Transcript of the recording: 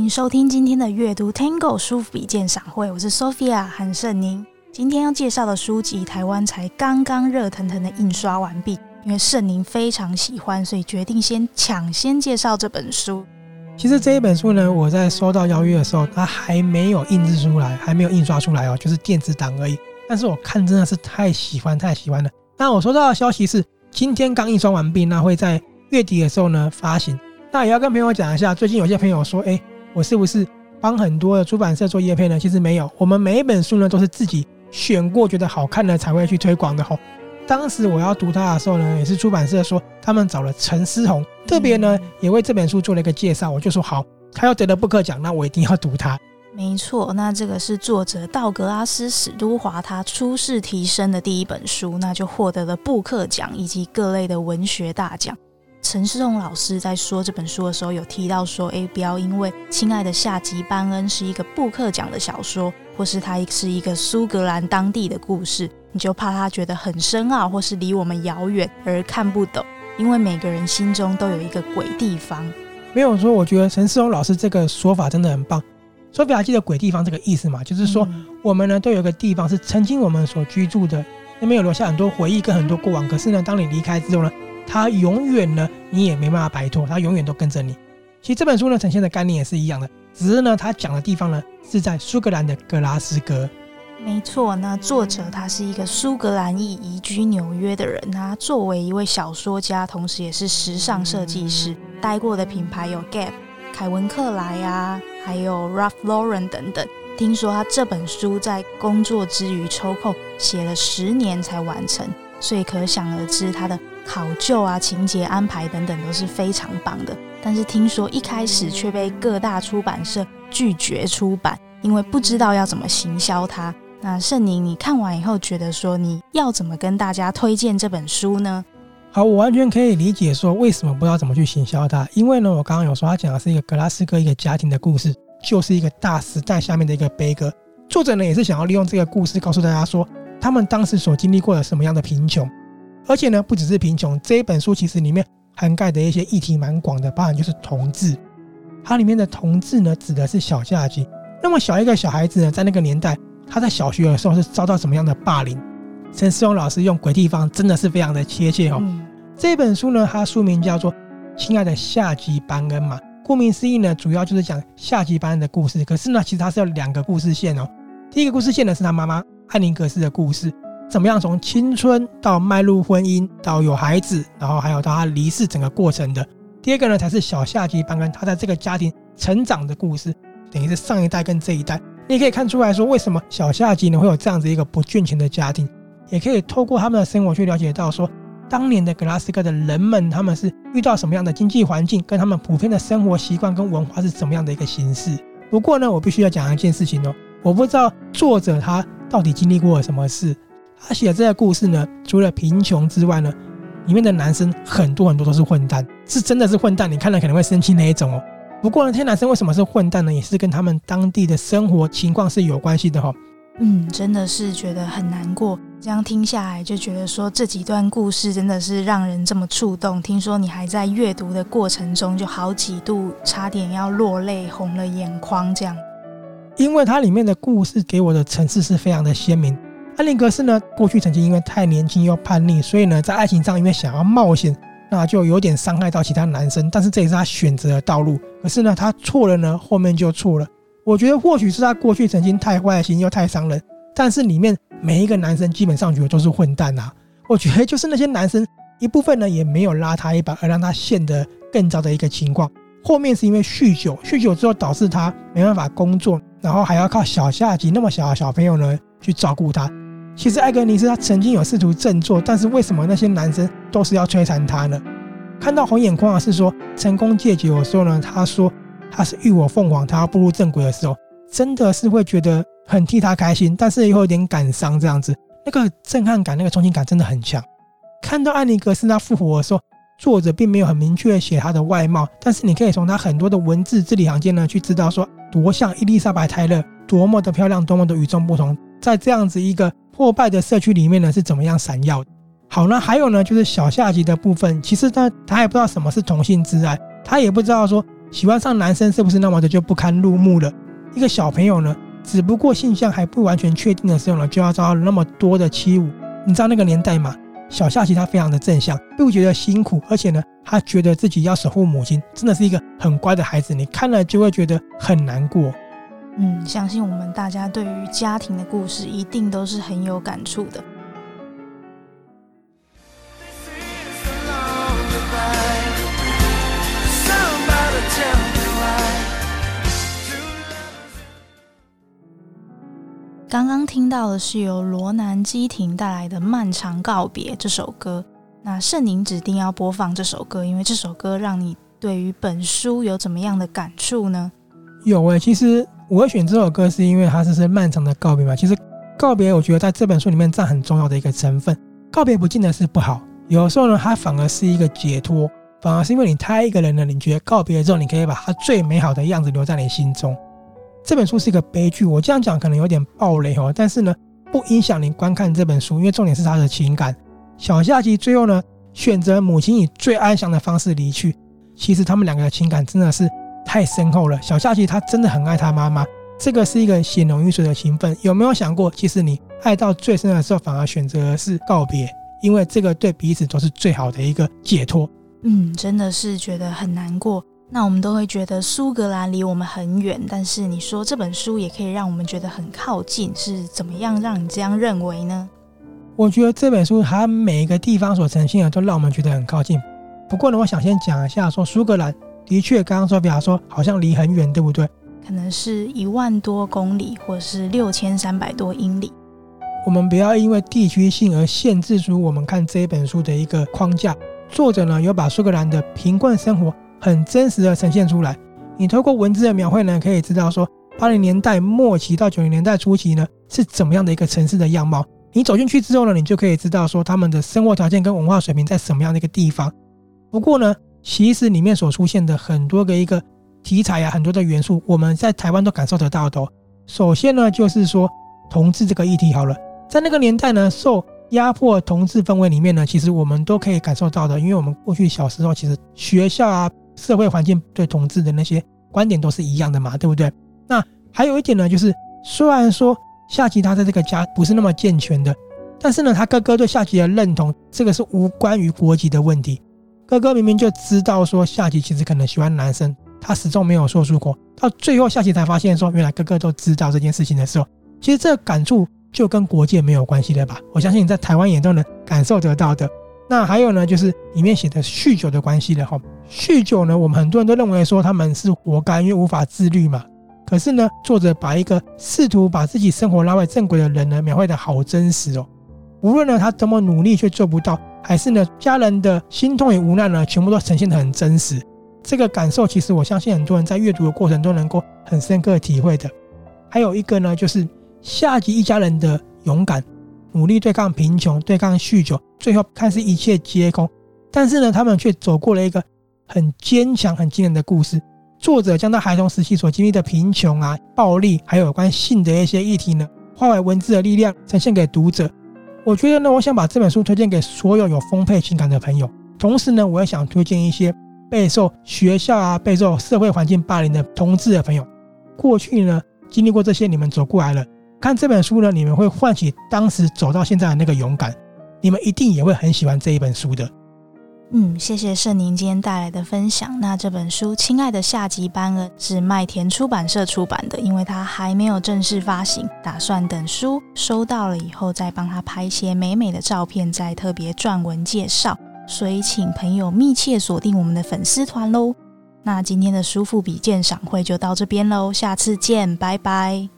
您收聽今天的閱讀 Tango 書富比鑑賞會，我是 Sophia 和聖寧。今天要介紹的書籍，台灣才剛剛熱騰騰的印刷完畢，因為聖寧非常喜歡，所以決定先搶先介紹這本書。其實這一本書呢，我在收到邀約的時候，它還沒有印制出來，還沒有印刷出來哦，就是電子檔而已。但是我看真的是太喜歡，太喜歡了。那我收到的消息是，今天剛印刷完畢，那會在月底的時候呢發行。那也要跟朋友講一下，最近有些朋友說，哎。我是不是幫很多的出版社做業配呢？其實沒有，我們每一本書呢都是自己選過覺得好看的才會去推廣的吼。當時我要讀它的時候呢，也是出版社說他們找了陳思宏，特別呢也為這本書做了一個介紹。我就說好，他要得了布克獎，那我一定要讀它。沒錯，那這個是作者道格拉斯史都華他初試啼聲的第一本書，那就獲得了布克獎以及各類的文學大獎。陳思宏老師在說這本書的時候，有提到說：“欸、不要因為親愛的夏吉班恩是一個布克獎的小說，或是它是一個蘇格蘭當地的故事，你就怕他覺得很深奧，或是離我們遙遠而看不懂。因為每個人心中都有一個鬼地方。”沒有說，我覺得陳思宏老師這個說法真的很棒。說“比較記得鬼地方”這個意思嘛，就是說、嗯、我們呢都有個地方是曾經我們所居住的，那邊有留下很多回憶跟很多過往。可是呢，當你離開之後呢？他永遠呢，你也沒辦法擺脫，他永遠都跟着你。其實這本書呢，呈現的概念也是一樣的，只是呢，他講的地方呢是在蘇格蘭的格拉斯哥。沒錯，那作者他是一個蘇格蘭裔移居紐約的人，他作為一位小說家，同時也是時尚設計師，待過的品牌有 Gap、凱文克萊啊，還有 Ralph Lauren 等等。聽說他這本書在工作之餘抽空寫了十年才完成，所以可想而知他的。考究啊，情節安排等等都是非常棒的。但是聽說一開始卻被各大出版社拒絕出版，因為不知道要怎麼行銷它。那聖寧，你看完以後覺得說你要怎麼跟大家推薦這本書呢？好，我完全可以理解說為什麼不知道怎麼去行銷它，因為呢，我剛剛有說他講的是一個格拉斯哥一個家庭的故事，就是一個大時代下面的一個悲歌。作者呢也是想要利用這個故事告訴大家說，他們當時所經歷過的什麼樣的貧窮。而且呢，不只是貧窮，這一本書其實裡面涵蓋的一些議題蠻廣的，包含就是同志。它裡面的同志呢，指的是小夏吉。那麼小一個小孩子呢，在那個年代，他在小學的時候是遭到什麼樣的霸凌？陳思宏老師用鬼地方真的是非常的貼切,切哦。嗯、這本書呢，它書名叫做《親愛的夏吉班恩》嘛，顧名思義呢，主要就是講夏吉班恩的故事。可是呢，其實它是有兩個故事線哦。第一個故事線呢，是他媽媽愛格妮絲的故事。怎麼樣？從青春到邁入婚姻，到有孩子，然後還有到他離世整個過程的第二個呢，才是小夏吉‧班恩他在這個家庭成長的故事，等於是上一代跟這一代，你也可以看出來說，為什麼小夏吉呢會有這樣子一個不健全的家庭，也可以透過他們的生活去了解到說，當年的格拉斯哥的人們，他們是遇到什麼樣的經濟環境，跟他們普遍的生活習慣跟文化是怎麼樣的一個形式。不過呢，我必須要講一件事情哦，我不知道作者他到底經歷過什麼事。他寫這個故事呢，除了貧窮之外呢，裡面的男生很多很多都是混蛋，是真的是混蛋，你看了可能會生氣那一種哦。不過呢，這些男生為什麼是混蛋呢？也是跟他們當地的生活情況是有關係的哈、哦。嗯，真的是覺得很難過，這樣聽下來就覺得說這幾段故事真的是讓人這麼觸動。聽說你還在閱讀的過程中，就好幾度差點要落淚，紅了眼眶這樣。因為它裡面的故事給我的層次是非常的鮮明。愛格妮絲呢，過去曾經因為太年輕又叛逆，所以呢，在愛情上因為想要冒險，那就有點傷害到其他男生。但是這也是他選擇的道路。可是呢，他錯了呢，後面就錯了。我覺得或許是他過去曾經太壞心又太傷人，但是裡面每一個男生基本上覺得都是混蛋啊。我覺得就是那些男生一部分呢，也沒有拉他一把，而讓他陷得更糟的一個情況。後面是因為酗酒，酗酒之後導致他沒辦法工作，然後還要靠小夏吉那麼小的小朋友呢去照顧他。其實艾格尼斯她曾經有試圖振作，但是為什麼那些男生都是要摧殘她呢？看到紅眼眶的是說成功戒酒的時候呢，他說他是浴火鳳凰，他要步入正軌的時候，真的是會覺得很替他開心，但是又有點感傷。這樣子，那個震撼感，那個衝擊感真的很強。看到艾尼格斯他復活的時候，作者並沒有很明確寫他的外貌，但是你可以從他很多的文字字裡行間呢去知道說，說多像伊麗莎白·泰勒，多麼的漂亮，多麼的與眾不同，在這樣子一個。破敗的社區裡面呢是怎麼樣閃耀的？好呢，還有呢，就是小夏吉的部分，其實他他也不知道什麼是同性之愛，他也不知道說喜歡上男生是不是那麼的就不堪入目了。一個小朋友呢，只不過性向還不完全確定的時候呢，就要遭到那麼多的欺侮。你知道那個年代嘛，小夏吉他非常的正向，並不覺得辛苦，而且呢，他覺得自己要守護母親，真的是一個很乖的孩子。你看了就會覺得很難過。嗯，相信我們大家對於家庭的故事一定都是很有感觸的。剛剛聽到的是由羅南基廷帶來的《漫長告別》這首歌。那聖寧指定要播放這首歌，因為這首歌讓你對於本書有怎麼樣的感觸呢？有哎、欸，其實。我選這首歌，是因為它是是漫長的告別吧。其實告別，我覺得在這本書裡面佔很重要的一個成分。告別不見得是不好，有時候呢，它反而是一個解脫，反而是因為你太愛一個人了，你覺得告別之後，你可以把他最美好的樣子留在你心中。這本書是一個悲劇，我這樣講可能有點暴雷哦，但是呢，不影響您觀看這本書，因為重點是他的情感。小夏吉最後呢，選擇母親以最安詳的方式離去。其實他們兩個的情感真的是。太深厚了，小夏吉他真的很愛他媽媽，這個是一個血濃於水的情分。有沒有想過，其實你愛到最深的時候，反而選擇的是告別，因為這個對彼此都是最好的一個解脫。嗯，真的是覺得很難過。那我們都會覺得蘇格蘭離我們很遠，但是你說這本書也可以讓我們覺得很靠近，是怎麼樣讓你這樣認為呢？我覺得這本書它每一個地方所呈現的，都讓我們覺得很靠近。不過呢，我想先講一下說蘇格蘭。的確，剛剛說比說好像離很遠，對不對？可能是一萬多公里，或是六千三百多英里。我們不要因為地區性而限制住我們看這本書的一個框架。作者呢有把蘇格蘭的貧困生活很真實的呈現出來。你透過文字的描繪呢，可以知道說八零年代末期到九零年代初期呢是怎麼樣的一個城市的樣貌。你走進去之後呢，你就可以知道說他們的生活條件跟文化水平在什麼樣的一個地方。不過呢。其實裡面所出現的很多個一個題材啊，很多的元素，我們在台灣都感受得到的哦。首先呢，就是說同志這個議題好了，在那個年代呢，受壓迫同志氛圍裡面呢，其實我們都可以感受到的，因為我們過去小時候其實學校啊、社會環境對同志的那些觀點都是一樣的嘛，對不對？那還有一點呢，就是雖然說夏吉他在這個家不是那麼健全的，但是呢，他哥哥對夏吉的認同，這個是無關於國籍的問題。哥哥明明就知道說夏吉其實可能喜歡男生，他始終沒有說出過。到最後夏吉才發現說，原來哥哥都知道這件事情的時候，其實這感觸就跟國界沒有關係了吧？我相信你在台灣也都能感受得到的。那還有呢，就是裡面寫的酗酒的關係了吼，酗酒呢，我們很多人都認為說他們是活該，因為無法自律嘛。可是呢，作者把一個試圖把自己生活拉回正軌的人呢，描繪得好真實哦。無論呢他怎麼努力，卻做不到。還是呢，家人的心痛與無奈呢，全部都呈現的很真實。這個感受，其實我相信很多人在閱讀的過程中能夠很深刻體會的。還有一個呢，就是夏吉一家人的勇敢，努力對抗貧窮，對抗酗酒，最後看似一切皆空，但是呢，他們卻走過了一個很堅強、很驚人的故事。作者將他孩童時期所經歷的貧窮啊、暴力，還有有關性的一些議題呢，化為文字的力量，呈現給讀者。我覺得呢，我想把這本書推薦給所有有豐沛情感的朋友。同時呢，我也想推薦一些備受學校啊、備受社會環境霸凌的同志的朋友。過去呢，經歷過這些，你們走過來了。看這本書呢，你們會喚起當時走到現在的那個勇敢。你們一定也會很喜歡這一本書的。嗯，謝謝盛寧今天帶來的分享。那這本書《親愛的夏吉·班恩》是麥田出版社出版的，因為它還沒有正式發行，打算等書收到了以後再幫他拍一些美美的照片，再特別撰文介紹。所以請朋友密切鎖定我們的粉絲團嘍。那今天的書富比鑑賞會就到這邊嘍，下次見，拜拜。